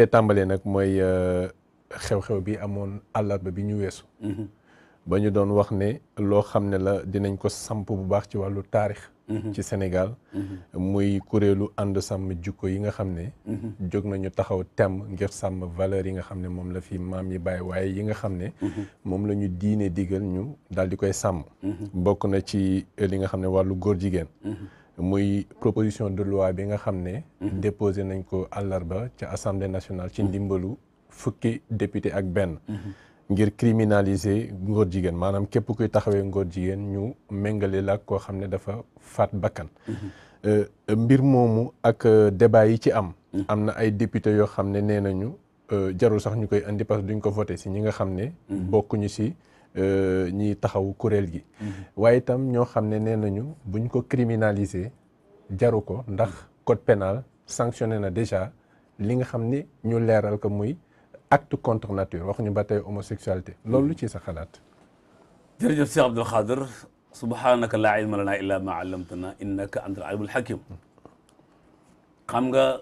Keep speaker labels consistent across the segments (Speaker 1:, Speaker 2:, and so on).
Speaker 1: cee tàmbalee nag mooy euh, xew-xew bi amoon àllarba bi ñu weesu. Mm-hmm. ba ñu doon wax ne loo xam ne la dinañ ko samp bu baax ci wàllu taarix. Mm-hmm. ci Sénégal. Mm-hmm. muy kuréelu ànd sàmm jukko yi nga xam ne. jóg nañu taxaw temm ngir sàmm valeur yi nga xam ne moom la fi maam yi bàyyi waaye yi nga xam ne. moom la ñu diine digal ñu daal di koy sàmm. bokk na ci li nga xam ne wàllu góor jigéen. muy proposition de loi bi nga xam ne. Mhm. déposé nañ ko àllarba ca assemblée nationale ci mhm. ndimbalu fukki député ak benn. Mhm. ngir criminaliser ngóor jigéen maanaam képp kuy taxawee ngóor jigéen ñu méngale la koo xam ne dafa faat bakkan. Euh, mbir moomu ak euh, débat yi ci am. am na ay député yoo xam ne nee nañu euh, jarul sax ñu koy indi parce que duñ ko voté si ñi nga xam ne. bokkuñu si. Euh, ñiy taxawu kuréel gi. Mhm. waaye itam ñoo xam ne nee nañu buñ ko criminaliser jaru ko ndax code pénal sanctionné na déjà li nga xam ni ñu leeral ko muy acte contre nature ñu ba tey homosexualité mhm. loolu ci sa xalaat.
Speaker 2: jërëjëf Cheikh Abdou Khadre subhaanaka laa ilma lanaa illaa maa allamtanaa innaka antal alimul hakim xam nga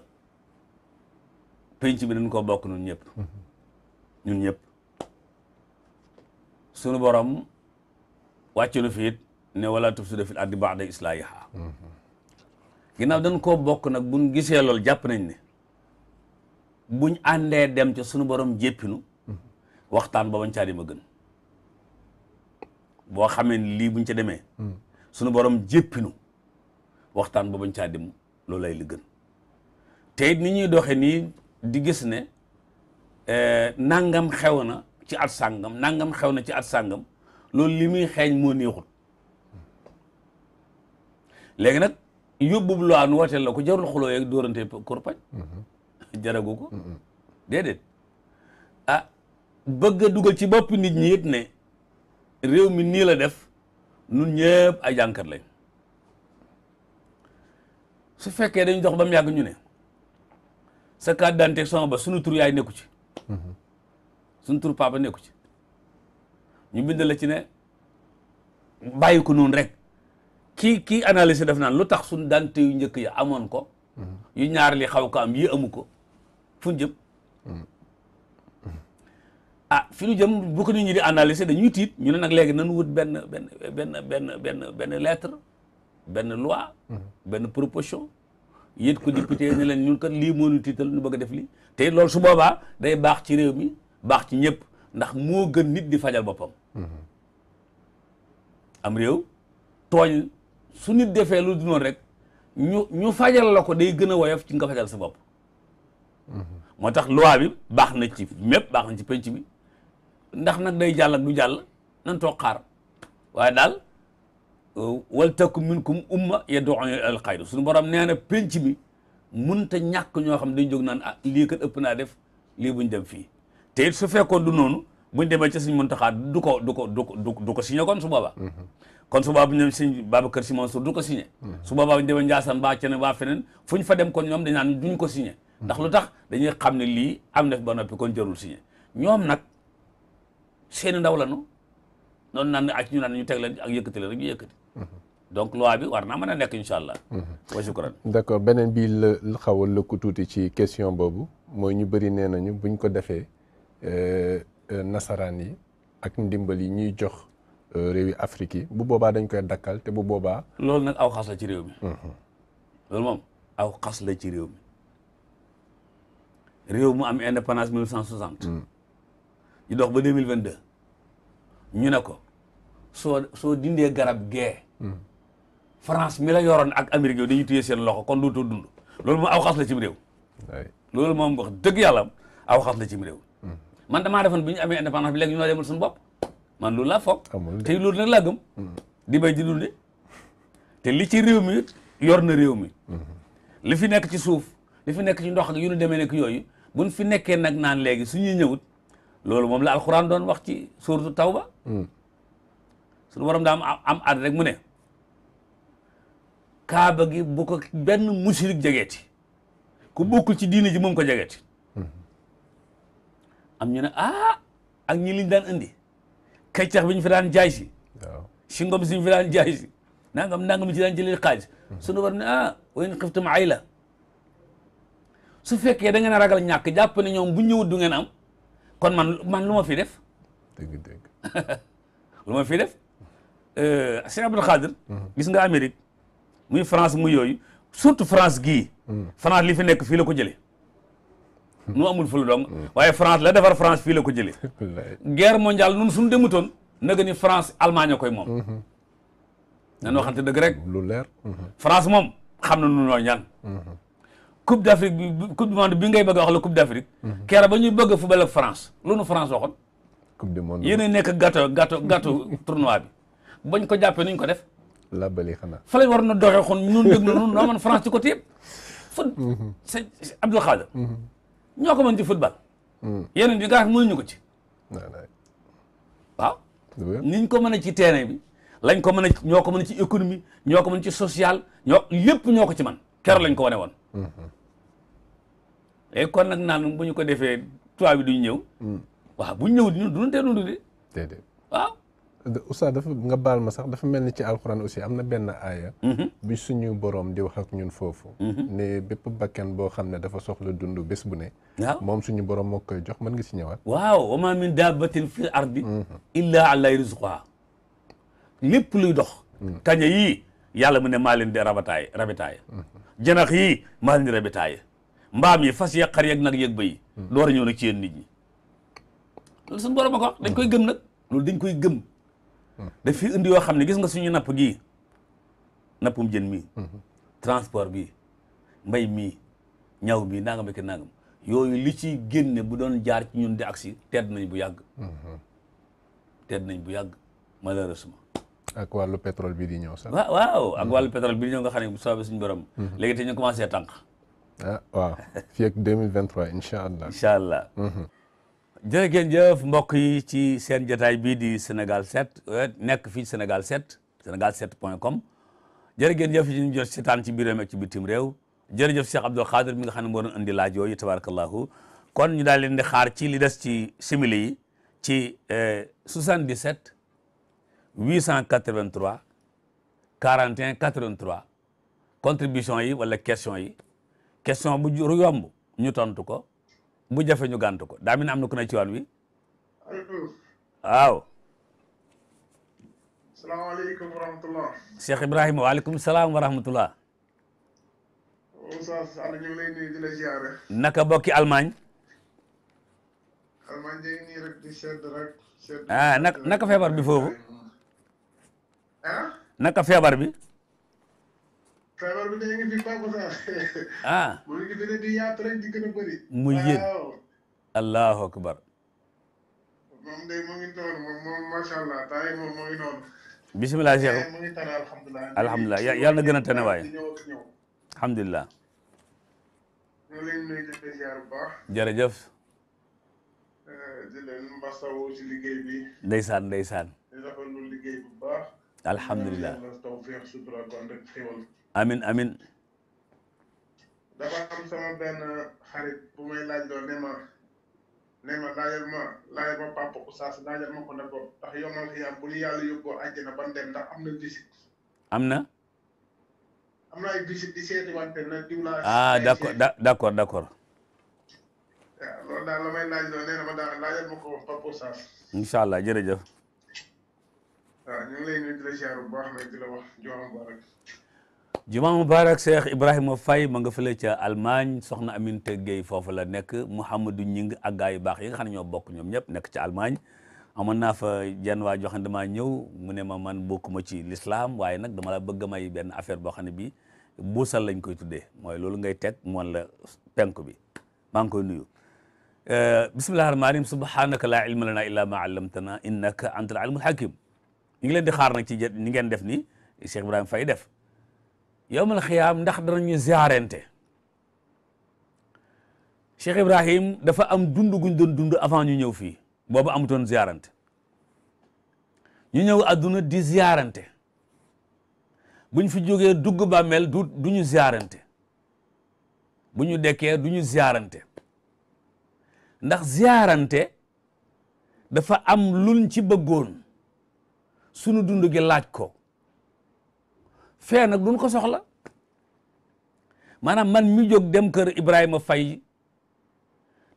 Speaker 2: penc bi dañ ko bokk mhm. ñun ñëpp. ñun ñëpp. sunu borom wàcc na fi it ne wala tufsidu fil ardi ba'da islaahihaa ginnaaw dañ koo bokk nag buñ gisee loolu jàpp nañ ne buñ àndee dem ca sunu borom jéppinu waxtaan ba bañ caa dem a gën boo xamee lii buñ ca demee borom jéppinu waxtaan ba bañ caa dem loolu lay li gën te it ni ñuy doxe nii di gis ne eh, nangam xew na ci at sàngam nangam xew na ci at sàngam loolu li muy xeeñ moo neexut léegi nag yóbbub loi nu wateel la ko jarul xuloo yeeg dóorante korpañ
Speaker 3: mm-hmm.
Speaker 2: jaragu ko mm-hmm. déedéet ah bëgg a dugal ci bopp nit ñi ne réew mi nii la def nun ñëpp ay jànkat lañ su fekkee dañu dox ba mu yàgg ñu ne sa carte d'identité sama ba sunu tur yaay nekku ci mm-hmm. suñ tur papa nekku ci ñu bind ci ne bàyyi ko noonu rek kii kii analise def naan lu tax suñ daan yu njëkk yi amoon ko yu ñaar li xaw ko am yi amu ko fu jëm ah fi ñu jëm bu ko nit ñi di analyser dañuy tiit ñu ne nag léegi nañu wut benn benn benn benn benn benn lettre benn loi benn proposition yéen ko député ne leen ñun kat lii moo ñu tiital ñu bëgg a def lii te loolu su boobaa day baax ci réew mi baax ci ñépp ndax moo gën nit di fajal boppam am réew tooñ su nit defee lu du noonu rek ñu ñu fajal la ko day gën a woyof ci nga fajal sa bopp moo tax loi bi baax na ci mépp baax na ci penc bi ndax nag day jàll ak du jàll nan toog xaar waaye daal wal takku minkum umma yad'una ilal xayr suñu borom nee na penc bi mun te ñàkk ñoo xam dañ jóg naan ah lii kat ëpp naa def lii buñ dem fii su fekkoon du noonu buñ demee ci suñ Muntaxa du ko du ko du ko du ko kon su boobaa kon su boobaa bu ñu dem sëñ Babacar Sy Mansour du ko signé su boobaa bu ñu demee Njaasaan baa cene baa feneen fu ñu fa dem kon ñoom dañ naan duñ ko signé ndax lu tax dañuy xam ne lii am na ba noppi kon jarul signé ñoom nag seeni ndaw la nu noon naan ak ñu naan ñu teg leen ak yëkkati leen rek ñu yëkkati donc loi bi war naa mën a nekk incha allah. wa shukran.
Speaker 1: d' accord beneen bii la xaw a lëkku tuuti ci question boobu mooy ñu bari nee nañu ñu ko defee Euh, euh, nasaraan yi ak ndimbal yi ñuy jox euh, réew yi Afrique yi bu boobaa dañ koy dakkal te bu boobaa.
Speaker 2: loolu nag aw xas la ci réew mi. Mhm. loolu moom aw xas la ci réew mi réew mu am indépendance 1960. ñu mm. dox ba 2022. ñu ne ko soo soo dindee garab gee. Mm. France mi la yoroon ak Amérique dañuy téye seen loxo kon duutoo dund loolu moom aw xas la ci réew. loolu moom wax dëgg yàlla aw xas la ci réew. man damaa defoon bi ñu amee indépendance bi léegi ñu noo demal suñu bopp man lu laa foog te loolu nag la gëm di bay di dunde te li ci réew mi yor na réew mi li fi nekk ci suuf li fi nekk ci ndox ak yu nu demee nekk yooyu buñ fi nekke nag naan léegi suñuy ñëwut loolu moom la alxuraan doon wax ci suuratu tawba hmm. suñu borom daa am am at rek mu ne kaaba gi bu ko benn musirik jegeeti ku bokkul ci diine ji moom ko jegeeti am ñu ne ah ak ñi liñ daan indi keccax bi ñu fi daan jaay si si ngom si ñu fi daan jaay si nangam nangam mi ci daan jëlee xaalis suñu war ay la su fekkee da ngeen a ragal ñàkk jàpp ne ñoom bu ñëwut du ngeen am kon man man lu fi def dëgg dëgg lu ma fi def sëñ euh, Abdou Khadir hmm. gis nga Amérique muy France mu yooyu surtout France gii hmm. France li fi nekk fii la ko jëlee nu amul fulu dong waaye France la defar France fii la ko jëlee guerre mondiale nun suñu demutoon naga ni France Allemagne koy moom mhm. nan waxante dëgg rek lu leer mhm. France moom xam na nu nooy ñan mhm. coupe d'Afrique bi coupe du monde bi ngay bëgg a wax la coupe d'Afrique keera ba ñuy bëgg fu football ak France lu nu France waxoon coupe du monde nekk gâteau gâteau gâteau tournoi bi bañ ko jàppee nuñ ko def
Speaker 1: labali xanaa
Speaker 2: fa lañ war na doxee xon ñun déglu noonu noo man France ci côté yëpp fa sëñ Abdoul ñoo ko mën ci football. Hmm. yeneen yi nga xam mënuñu ko ci. waaw. niñ ko mën a ci terrain bi lañ ko mën a ñoo ko mën a ci économie ñoo ko mën ci social ñoo lépp ñoo ko ci man keroog lañ ko wane woon. Hmm. léegi kon nag naan bu ñu ko defee tubaab bi duñ ñëw. Hmm. waaw buñ ñëw duñu duñu tee dundu de. waaw.
Speaker 1: Oustaz dafa nga baal ma sax dafa mel ni ci alxuraan aussi am na benn aaya mhm. bi suñu boroom di wax ak ñun foofu mhm. ne bépp bakkan boo xam ne dafa soxla dund bés bu ne waaw moom suñu boroom moo koy jox mën nga si ñëwaat
Speaker 2: waaw wa ma min dabbatin fil ardi mhm. illa luy dox kaña yii yàlla mu ne maa leen di rabataay rabitaay janax yii maa mbaam yi fas yeeg xar yeeg nag yeeg bëy door a ñëw ko dañ koy gëm nag loolu dañ koy gëm daf fi indi yoo xam ne gis nga suñu napp gii nappum jën mii transport bi mbay mii ñaw bii nangam ak nangam yooyu li ci génne bu doon jaar ci ñun di agsi tedd nañ bu yàgg tedd nañ bu yàgg malheureusement
Speaker 1: ak wàllu pétrole bi di ñëw sax waaw ak
Speaker 2: wàllu pétrole bi di ñëw nga xam ne bu soobee suñ borom mhm. léegi te ñu commencé tànk
Speaker 1: ah waaw fii ak 2023
Speaker 2: incha allah incha allah mhm. jërëgeen jëf mbokk yi ci seen jataay bii di Sénégal 7 euh, nekk fii Sénégal 7 Sénégal 7 point com jërëgeen jëf yi ñu ci biir ak ci bitim réew jërëjëf Cheikh Abdou Khadir mi nga xam ne moo doon indi laaj yooyu tabarakallahu kon ñu daal leen di xaar ci li des ci simili yi ci 77 883 41 83 contribution yi wala question yi question bu juru yomb ñu tontu ko mu jafe ñu gàntu ko daa min am na ku ne ci waan wi waaw salaam wa rahmatullah
Speaker 1: Oustaz Alla ñu ngi lay nuyu di la ziare
Speaker 2: naka bokki Allemagne Allemagne ah, naka feebar bi foofu naka feebar bi
Speaker 1: feebar bi dee ngi fi Pape Sarr. ah mu ngi fi ne di yaatu rek di gën a bëri.
Speaker 2: mu yéen allahu akbar.
Speaker 1: moom de mu ngi noonu moom moom macha allah taay moom mu ngi noonu.
Speaker 2: bisimilah Cheikh mu ngi
Speaker 1: tane alhamdulilah. alhamdulilah yàlla na gën a tane waaye. alhamdulilah. ñoo leen nuyu di leen ziar bu baax. jërëjëf. Eh, di leen masawu ci liggéey bi.
Speaker 2: ndeysaan ndeysaan.
Speaker 1: di rafetlu liggéey bu baax.
Speaker 2: alhamdulilah.
Speaker 1: tawfiq sutura ak xéwal.
Speaker 2: amin amin dafa am sama benn xarit bu may
Speaker 1: laaj loo ne ma ne ma laajal ma laajal ma ko ne ko ndax yomal xiyaam bu ñu yàlla yóbboo àjjana ban dem ndax am na visite am na am na ay visite di na diw laa ah
Speaker 2: d'accord d'accord
Speaker 1: daal la may laaj loo nee ma daal laajal ma ko papa oustaz
Speaker 2: incha allah jërëjëf
Speaker 1: waaw ñu ngi lay nuyu di la baax nag di wax joxam rek
Speaker 2: juma mubarak Cheikh Ibrahima fay ma nga fële ca Allemagne soxna Aminata Gueye foofu la nekk Mouhamadou Ñing ak gaa yu baax yi nga xam ne ñoo bokk ñoom ñëpp nekk ca Allemagne amoon naa fa jenn waa joo xam ne ñëw mu ne ma man bokkuma ci lislaam waaye nag dama la bëgg may benn affaire boo xam ne bii buusal lañ koy tuddee mooy loolu ngay teg moon la penk bi maa ngi koy nuyu bismillahi rahmaani rahim subhanaka laa ilma lana illaa maa allamtana innaka antal alimul hakim ñu ngi leen di xaar nag ci ñi ngeen def ni Cheikh Ibrahima Faye def yowmal xiyaam ndax danañu ziarente Cheikh Ibrahim dafa am dund guñ doon dund avant ñu ñëw fii boobu amutoon ziarante ñu ñëw adduna di ziarante buñ fi jógee dugg bàmmeel du du ñu ziarante bu ñu dekkee du ñu ziarante ndax ziarante dafa am luñ ci bëggoon sunu dund gi laaj ko fee nag duñ ko soxla maanaam man mi jóg dem kër Ibrahima Faye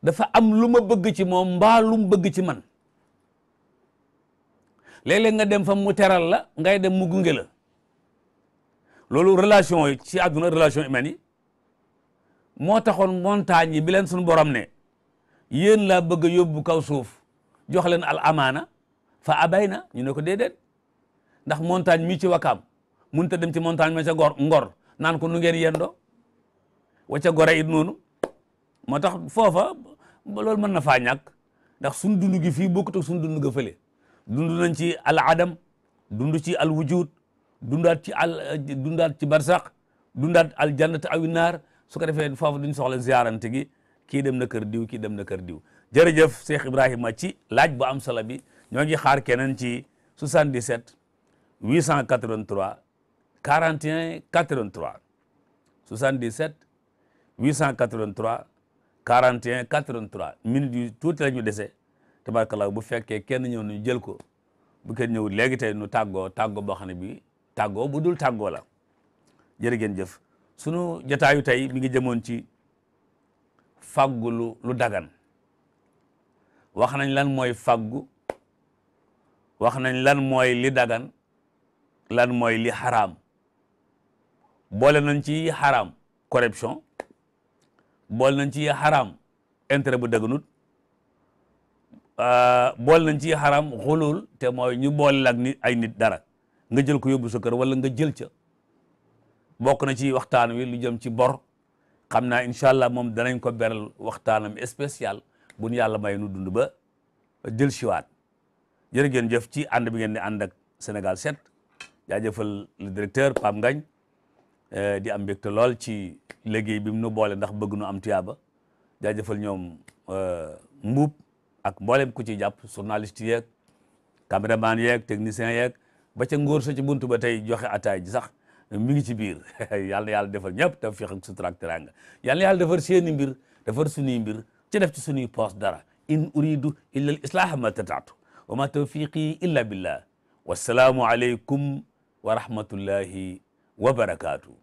Speaker 2: dafa am lu ma bëgg ci moom mbaalum lu bëgg ci man léeg-léeg nga dem fa mu teral la ngay dem mu gunge la loolu relation yi ci àdduna relation humaine yi moo taxoon montagne yi bi leen suñu borom ne yéen laa bëgg a yóbbu kaw suuf jox leen al amaana fa abay na ñu ne ko déedéet ndax montagne mii ci wakaam mënut a dem ci montagne ma ca gor ngor naan ko nu ngeen yendoo wa ca gore it noonu moo tax foofa loolu mën na faa ñàkk ndax suñ dund gi fii bokkut ak suñ dund ga dund nañ ci al adam dund ci al wujud dundaat ci al dundaat ci barsaq dundaat al jannat awi naar su ko defee foofu duñ soxla ziarante gi kii dem na kër diw kii dem na kër diw jërëjëf Cheikh ma ci laaj bu am solo bi ñoo ngi xaar keneen ci 77 883 41 83 77 883 41 83 minutes yu tuuti la ñu dese tabarkallah bu fekkee kenn ñëw ñu jël ko bu kenn ñëw léegi tey nu tàggoo tàggoo boo xam bi tàggoo bu dul tàggoo la jërë ngeen jëf sunu jataayu tey mi ngi jëmoon ci fàggu lu dagan wax nañ lan mooy fàggu wax nañ lan mooy li dagan lan mooy li xaraam boole nañ ci xaraam corruption boole nañ ci xaraam intérêt bu dëggnut euh, boole nañ ci xaraam xulul te mooy ñu boole ak nit ay nit dara nga jël ko yóbbu sa kër wala nga jël ca bokk na ci waxtaan wi lu jëm ci bor xam naa incha allah moom danañ ko beral waxtaanam spécial bu ñu yàlla may nu dund ba jël siwaat jërë geen jëf ci ànd bi ngeen di ànd ak Sénégal 7 jaajëfal le directeur Pape Ngagne Eh, di am mbégte lool ci liggéey bi mu nu boole ndax bëgg nu am tuyaaba jaajëfal ñoom eh, mbuub ak mboolem ku ci jàpp journaliste yeeg caméraman yeeg technicien yeeg ba ca ngóor sa ci buntu ba tey joxe ataay ji sax mi ngi ci biir yàlla na yàlla defal ñëpp te fexe ak sutura ak teraanga yàlla na yàlla defar seeni mbir defar suñuy mbir ci def ci suñuy poos dara in uridu illa al islaaha ma tataatu wa ma tawfiqi illa billah wassalaamu aleykum wa rahmatullahi wa barakaatu